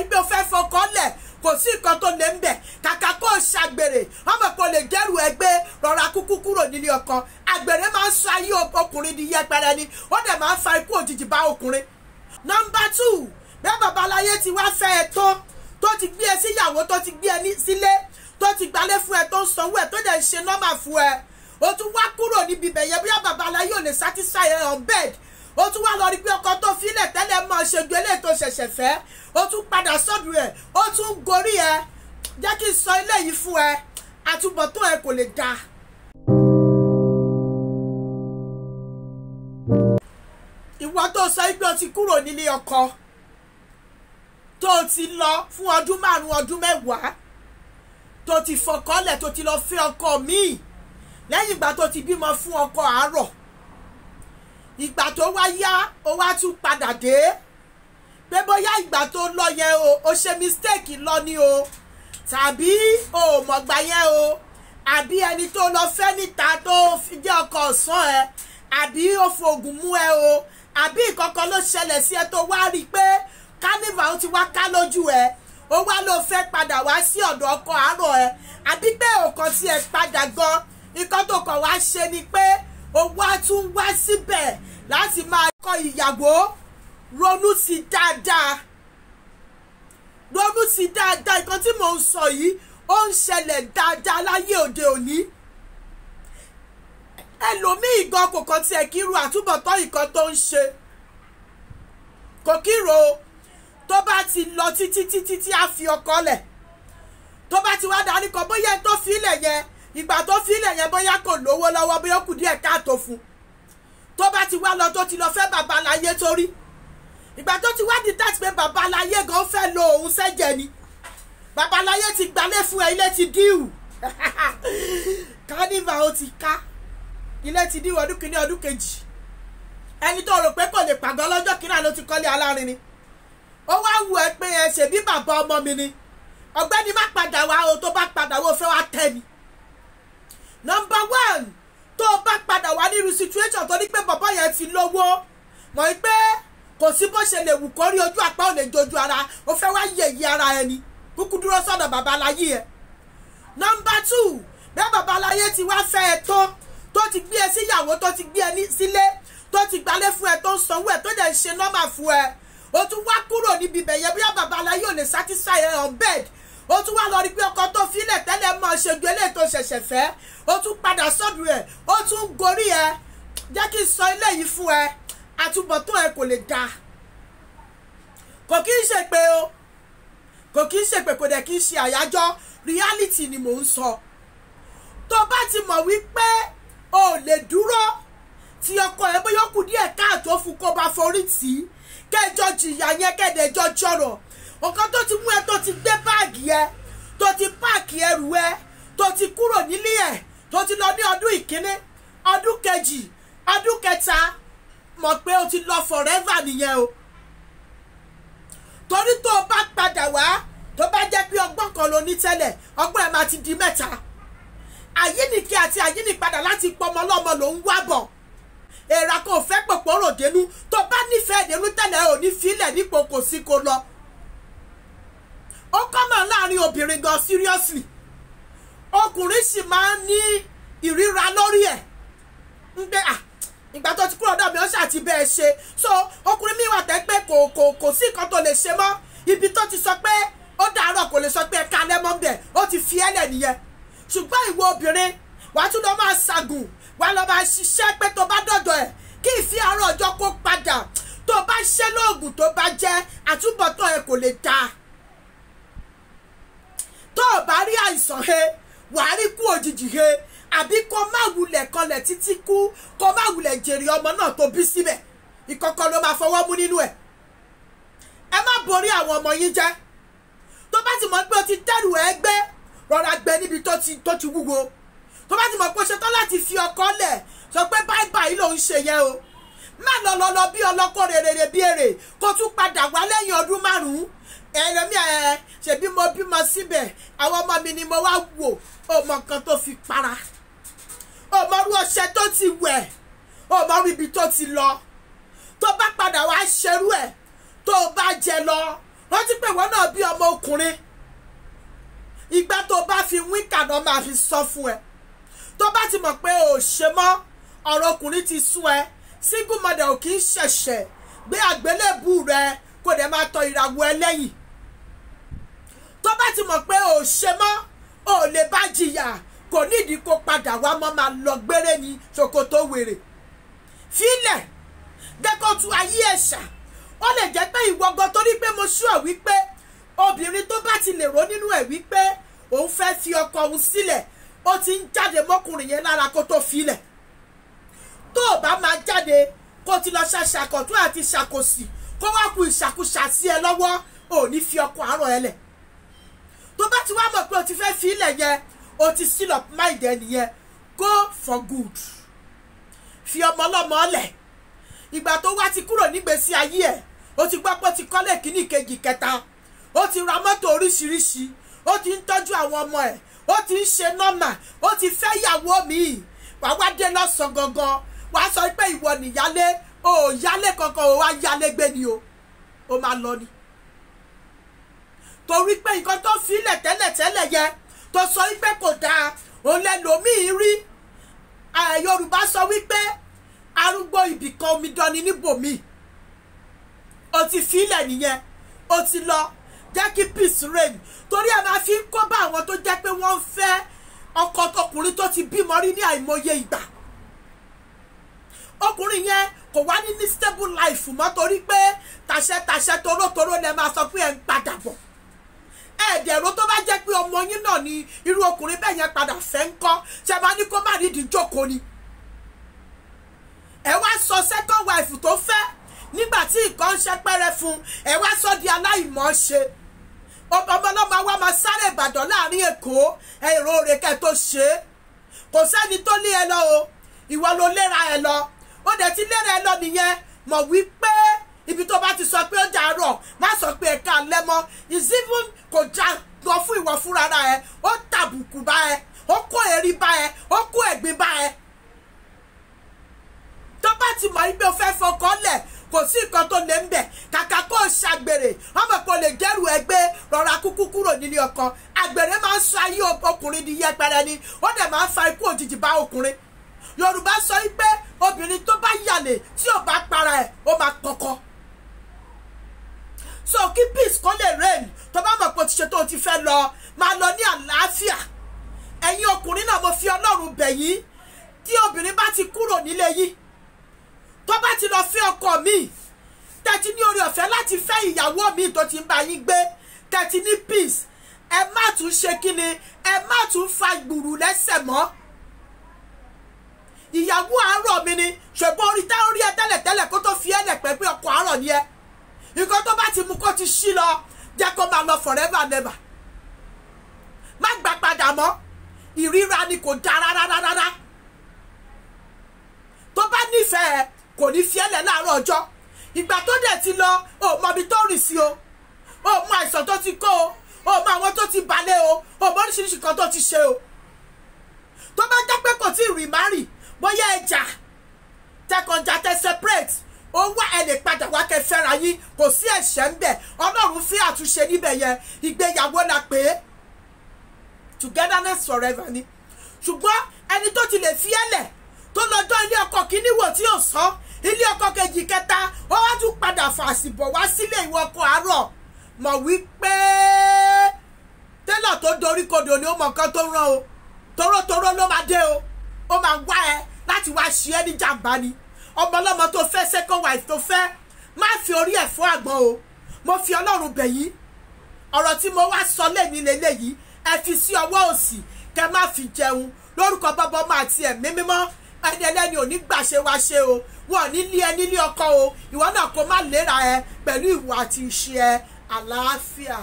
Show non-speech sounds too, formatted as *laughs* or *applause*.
ibi ò fẹ́ fọkàn lẹ̀ kò sí nǹkan tó lè ń bẹ̀ kàkà kó o ṣàgbèrè ọmọ kò lè dẹ́rù ẹgbẹ́ rọra kúkú kúrò nílé ọkọ àgbèrè máa ń sọ ayé ọkùnrin di yẹpẹrẹ ni ó dẹ̀ máa ń fa ikú òjijì bá ọkùnrin. nọ́mbà tù bẹ́ẹ̀ babaláyé ti wá fẹ́ ẹ tó tó ti gbé ẹ síyàwó tó ti gbé ẹ sílé tó ti gbalé fún ẹ tó ń sanwó ẹ tó dẹ̀ ń ṣe nọ́mà fún ẹ o tún wá kúrò níbi bẹ̀yẹ bóyá babaláyé ò lè satisfy bed ó tún wá lọ rí pé ọkọ tó filẹ̀ tẹ́lẹ̀ máa ṣe ju eléyìí tó ṣẹ̀ṣẹ̀ fẹ́ ó tún padà sọ́dọ̀ ẹ̀ ó tún gorí ẹ̀ jẹ́ kí n sọ eléyìí fún ẹ àtúbọ̀tán ẹ kò lè dáa. ìwọ tó sọ pé o ti kúrò nílé ọkọ tó o ti lọ fún ọdún márùn-ún ọdún mẹ́wàá tó ti fọkànlẹ̀ tó ti lọ fẹ́ ọkọ míì lẹ́yìn ìgbà tó ti bímọ fún ọkọ àárọ̀ ìgbà tó wá yá ó wá tún padà dé pé bóyá ìgbà tó lọ yẹn o ó ṣe mistake lọ ni o tàbí o ò mọ̀gbà yẹn o àbí ẹni tó lọ fẹ́ níta tó fi jẹ́ ọkọ ọ̀sán ẹ àbí ó fògùn mú ẹ o àbí ìkọ̀kọ̀ ló ṣẹlẹ̀ sí ẹ tó wá rí i pé carnival ó ti wá ká lójú ẹ ó wá ló fẹ́ padà wá sí ọ̀dọ̀ ọkọ àárọ̀ ẹ àbí pé òkan tí ẹ padà gan nǹkan tó kàn wá ṣe ni pé ó wá tún wá síbẹ̀ láti máa kọ́ ìyàwó ronú sí dáadáa ronú sí dáadáa nǹkan tí mò ń sọ yìí ó ń ṣẹlẹ̀ dáadáa láyé òde òní ẹlòmíì gan kò kàn tiẹ̀ kí ru àtúbọ̀tán nǹkan tó ń ṣe kò kí tó bá ti lọ títí títí tí a fi ọkọ lẹ̀ tó bá ti wá darí kan bóyá tó fi ilẹ̀ yẹn ìgbà tó fílẹ̀ yẹn bóyá kò lówó lọ́wọ́ bóyá kù díẹ̀ káàtó fún tó bá ti wá lọ tó ti lọ fẹ́ babaláyé torí ìgbà tó ti wá di tàti pé babaláyé gan fẹ́ lo òun sẹ́jẹ̀ ni babaláyé ti gbalé fún ẹ ilé ti díwù kánífà *laughs* ó ti ká ilé ti díwù ọdún kìíní ọdún kejì ẹni tó rò pé kò lè pàgọ́ lọ́jọ́ kìíní ló ti kọ́lé alárin ni ó wá wù ẹ pé ẹ ṣèbí bàbá ọmọ mi ni ọ̀gbẹ́ni má padà wá o tó bá padà wá o fẹ́ wá tẹ́ mi Number one tó o bá padà wá nírú situation tó ní pé bàbá yẹn ti lówó mọ̀ pé kò sí bó ṣe lè wù kó rí ojú àpá ò lè jojú ara ó fẹ́ wá yẹ̀yẹ́ ara ẹni kúkú dúró sọ̀dọ̀ babaláyé ẹ̀ nọmba two bẹ́ẹ̀ babaláyé ti wá fẹ́ ẹ tó tó ti gbé ẹ síyàwó tó ti gbé ẹ sílé tó ti gbalé fún ẹ tó ń sanwó ẹ tó dẹ̀ ń ṣe nọ́mà fún ẹ o tún wá kúrò níbi ibẹ̀ yẹn bóyá babaláyé ò lè satisfy ẹ on bed ó tún wá lọ rí pé ọkọ tó filẹ̀ tẹ́lẹ̀ mọ́ ṣègbè eléyìí tó ṣẹ̀ṣẹ̀ fẹ́ ó tún padà sọ́dún ẹ̀ ó tún gorí ẹ jẹ́ kí n sọ eléyìí fún ẹ àtúbọ̀tán ẹ kò lè da kò kí n ṣe pé o kò kí n ṣe pé kò dẹ̀ kí n ṣe àyájọ́ reality ni mò ń sọ tó bá ti mọ̀ wípé o ò lè dúró tí ọkọ ẹ bóyá ó kù díẹ̀ káàtó fún kó bá forí tì í kẹjọ jìyà yẹn kẹdẹjọ jọrọ nǹkan tó ti mú ẹ tó ti gbé báàgì ẹ tó ti páàkì ẹrù ẹ tó ti kúrò nílé ẹ tó ti lọ ní ọdún ìkíní ọdún kejì ọdún kẹta mọ̀ pé o ti lọ forever nìyẹn o torí tó o bá padà wá tó bá jẹ́ pé ọgbọ́n kan ló ní tẹ́lẹ̀ ọgbọ́n ẹ̀ máa ti di mẹ́ta àyíníkí àti àyínípadà láti pọmọ lọ́mọ ló ń wá bọ̀ èèrà kan ò fẹ́ pòpò rò dénú tó bá nífẹ̀ẹ́ dénú tẹ́lẹ̀ ò ní filẹ̀ nípò kò sí kó lọ ó kọ́mọ̀ láàrin obìnrin gan seriously ọkùnrin sì máa ń ní ìríra lórí ẹ̀ ń gbé à ìgbà tó ti kúrò ọ̀dọ̀ mi ó ṣàti bẹ́ẹ̀ ṣe so ọkùnrin mi wà tẹ́ pé kò kò kò sí nǹkan tó lè ṣe mọ́ ibi tó ti sọ pé ó dàárọ̀ kò lè sọ pé ẹ̀ka lẹ́mọ́ bẹ̀ ó ti fi ẹ́lẹ̀ nìyẹn ṣùgbọ́n ìwọ obìnrin wàá tún lọ máa ṣàgùn wàá lọ máa ṣiṣẹ́ pé tó bá dọ̀dọ̀ ẹ̀ kí ìfi àárọ̀ ọjọ́ kó padà tó bá ṣẹ́ lóògùn tó bá jẹ́ àtúbọ̀tán ẹ̀ kò lè dáa ò bá rí àìsàn he wàá rí kú òjijì he àbí kó má wulẹ̀ kanlẹ̀ títí kú kó má wulẹ̀ jèrè ọmọ náà tó bí síbẹ̀ ìkọ̀kọ̀ ló máa fọwọ́ mú nínú ẹ̀ ẹ má borí àwọn ọmọ yín jẹ́ tó bá ti mọ̀ pé o ti dẹ́rù ẹ gbé rọra gbé níbi tó ti tó ti wúwo tó bá ti mọ̀ pé o ṣetán láti fi ọkọ lẹ̀ sọ pé báyìí báyìí lòún ṣe yẹn o má lọ lọ lọ bí ọlọ́kọ̀ rere bí èrè kó tún padà wá lẹ́yìn ọdún márùn-ún ẹlòmí ẹ ṣèbí mo bímọ síbẹ̀ àwọn ọmọ mi ni mo wá wò ọmọ kan tó fi para ọmọ rú ọṣẹ tó ti wẹ̀ ọmọ rú ibi tó ti lọ tó bá padà wá ṣerú ẹ̀ tó o bá jẹ lọ rántí pé ìwọ náà bí ọmọ ọkùnrin ìgbà tó o bá fi wíńkà náà máa fi sọ fún ẹ tó bá ti mọ̀ pé o ò ṣe mọ́ ọ̀rọ̀ ọkùnrin ti sú ẹ single mother ò kì í ṣẹ̀ṣẹ̀ gbé àgbélébù rẹ kó dẹ̀ máa tọ ìràwọ̀ ẹlẹ́yìn tó bá ti mọ̀ pé ò ṣe mọ́ ò lè bá jìyà kò nídìí kó padà wá mọ́ máa lọ gbére ní ṣòkòtò wèrè fílẹ̀ dẹ́kọ̀tù ayé ẹ̀ṣà ó lè jẹ́ pé ìwọ́gọ́ torí pé mo ṣúọ̀ wípé obìnrin tó bá ti lè rò nínú ẹ̀ wípé òun fẹ́ fi ọkọ òun sílẹ̀ ó ti ń jáde mọ́kùnrin yẹn lára kó tó filẹ̀ tó o bá máa jáde kó ti lọ ṣàṣàkọ̀tún àti ṣàkòsì kó wá ku ìṣàkúṣà sí ẹ lọ́wọ́ ò fi ọkọ àárọ̀ ẹ tó bá ti wá mọ̀ pé o ti fẹ́ fi ilẹ̀ yẹn o ti seal up mind ẹ nìyẹn go for good fi ọmọ ọlọ́mọ ọlẹ̀ ìgbà tó wá ti kúrò nígbèsí ayé ẹ̀ o ti gbọ́ pé o ti kọ́lé kìíní kejì kẹta o ti ra mọ́tò oríṣiríṣi o ti ń tọ́jú àwọn ọmọ ẹ̀ o ti ń ṣe nọ́mà o ti fẹ́ yàwó míì wàá wá dé lọ́sàn gangan wàá sọ pé ìwọ nìyálé o ò yálé kankan o wá yálé gbé ni o o máa lọ ni torí pé nǹkan tó filẹ̀ tẹ́lẹ̀tẹ́lẹ̀ yẹ tó sọ wípé kò dáa òun lẹ́lòmíì rí yorùbá sọ wípé arúgbó ibìkan omidan ni níbòmíì o ti filẹ̀ nìyẹn o ti lọ jẹ́ kí peace reign torí ẹ máa fi ń kó bá àwọn tó jẹ́ pé wọ́n ń fẹ́ ọkọ ọkùnrin tó ti bímọ rí ní àìmọye ìgbà ọkùnrin yẹn kò wá ní ní stable life mọ́ torí pé tàṣẹ tàṣẹ torótoró lẹ máa sọ pé ẹ ń padà bọ̀ ẹ̀ẹ́dẹ̀rún tó bá jẹ́ pé ọmọ yín náà ni irú ọkùnrin bẹ́ẹ̀ yẹn padà fẹ́ ń kọ́ ṣe máa ní kó má nídìí jókòó ni ẹ wá sọ second wife tó fẹ́ nígbà tí nǹkan ń ṣẹpẹrẹ fún ẹ wá sọ di aláìmọ̀ọ́ṣe ọmọlọ́mọ wa máa sáré ìbàdàn láàrin èkó èrò rẹ̀ tó ṣe é kò sẹ́ni tó lé ẹ lọ o ìwọ ló léra ẹ lọ ó dẹ̀ ti léra ẹ lọ nìyẹn mọ̀ wípé ibi tó bá ti sọ pé ó dàárọ̀ má sọ pé ẹ̀ka lẹ́mọ́ is even kọjá lọ fún ìwọ fúnra ẹ ó tàbùkù bá ẹ ó kó èrí bá ẹ ó kó ẹ̀gbin bá ẹ tó bá ti mọ̀ ibi ò fẹ́ fọkàn lẹ̀ kò sí nǹkan tó lè ń bẹ̀ kàkà kó o ṣàgbèrè ọmọ kò lè jẹ́rù ẹgbẹ́ rọra kúkú kúrò nílé ọkọ àgbèrè máa ń sọ ayé ọkùnrin di yẹpẹrẹ ni ó dẹ̀ máa ń fa ikú òjijì bá ọkùnrin Yorùbá sọ wípé obìnrin tó bá yàlè tí ò bá para ẹ̀ ó máa kọ́kọ́ so kí peace kan lè rain. tó bá mọ̀ pé o ti ṣe tó o ti fẹ́ lọ máa lọ ní àlàáfíà ẹ̀yin ọkùnrin náà mo fi ọlọ́run bẹ̀ yín tí obìnrin bá ti kúrò nílé yín tó bá ti lọ fẹ́ ọkọ mi tẹ́tí ní orí ọ̀fẹ́ láti fẹ́ ìyàwó mi tó ti ń bá yín gbé tẹ́tí ní peace ẹ má tún ṣe kí ni ẹ má tún fa gbùrù lẹ́sẹ̀ mọ́ ìyàwó àárọ̀ mi ni ṣùgbọ́n orí tá orí ẹ tẹ́lẹ̀tẹ́lẹ̀ kó tó fi ẹ̀ lẹ̀ pẹ́ pé ọkọ àárọ̀ ni ẹ nǹkan tó bá ti mú kó ti ṣí lọ jẹ́ kó máa lọ forever never má gbà padà mọ́ ìríra ni kò dára rárá rárá tó bá nífẹ̀ẹ́ kò ní fiẹ́lẹ̀ láàárọ̀ ọjọ́ ìgbà tó dẹ̀ ti lọ ò mọbi tó rìn sí o ò mọ àìsàn tó ti kó o ò mọ àwọn tó ti balẹ̀ o ò mọ oríṣiríṣi kan tó ti ṣe o tó bá jẹ́ pé kò tí ì rìn má rìn bóyá ẹja tẹkànjà tẹ separate ó wá ẹ lè padà wá kẹ yín kò sí ẹ̀ṣẹ̀ ń bẹ̀ ọlọ́run fi àtúnṣe níbẹ̀ yẹn ìgbéyàwó la pè togetherness forever ni ṣùgbọ́n ẹni tó ti lè fi ẹ̀lẹ̀ tó lọ́jọ́ ilé ọkọ kíní wò tí ò sọ ilé ọkọ kejì kẹta ó wá tún padà fàṣìbọ̀ wá sílé ìwọ ọkọ àárọ̀ mọ̀ wípé tẹ́lọ̀ tó dorí kodò ni ó mọ̀ nǹkan tó rán o torótoró ló máa dé o ó máa wá ẹ láti wá ṣe é ní jàǹbá ni ọmọ ọlọ́mọ tó fẹ́ second wife tó fẹ́ má fi orí ẹ̀ fọ́ àgbọn o mo fi ọlọ́run bẹ̀ yín ọ̀rọ̀ tí mo wá sọ lẹ́ni lélẹ́yìí ẹ fi sí ọwọ́ òsì kẹ má fi jẹun lórúkọ bọ́bọ́ máa ti ẹ̀mí mímọ́ ẹni ẹlẹ́ni ò ní gbàṣe wá ṣe o wọn ò ní lé ẹni lé ọkọ o ìwọ náà kó má lera ẹ pẹ̀lú ìwà àti ìṣe ẹ àlàáfíà.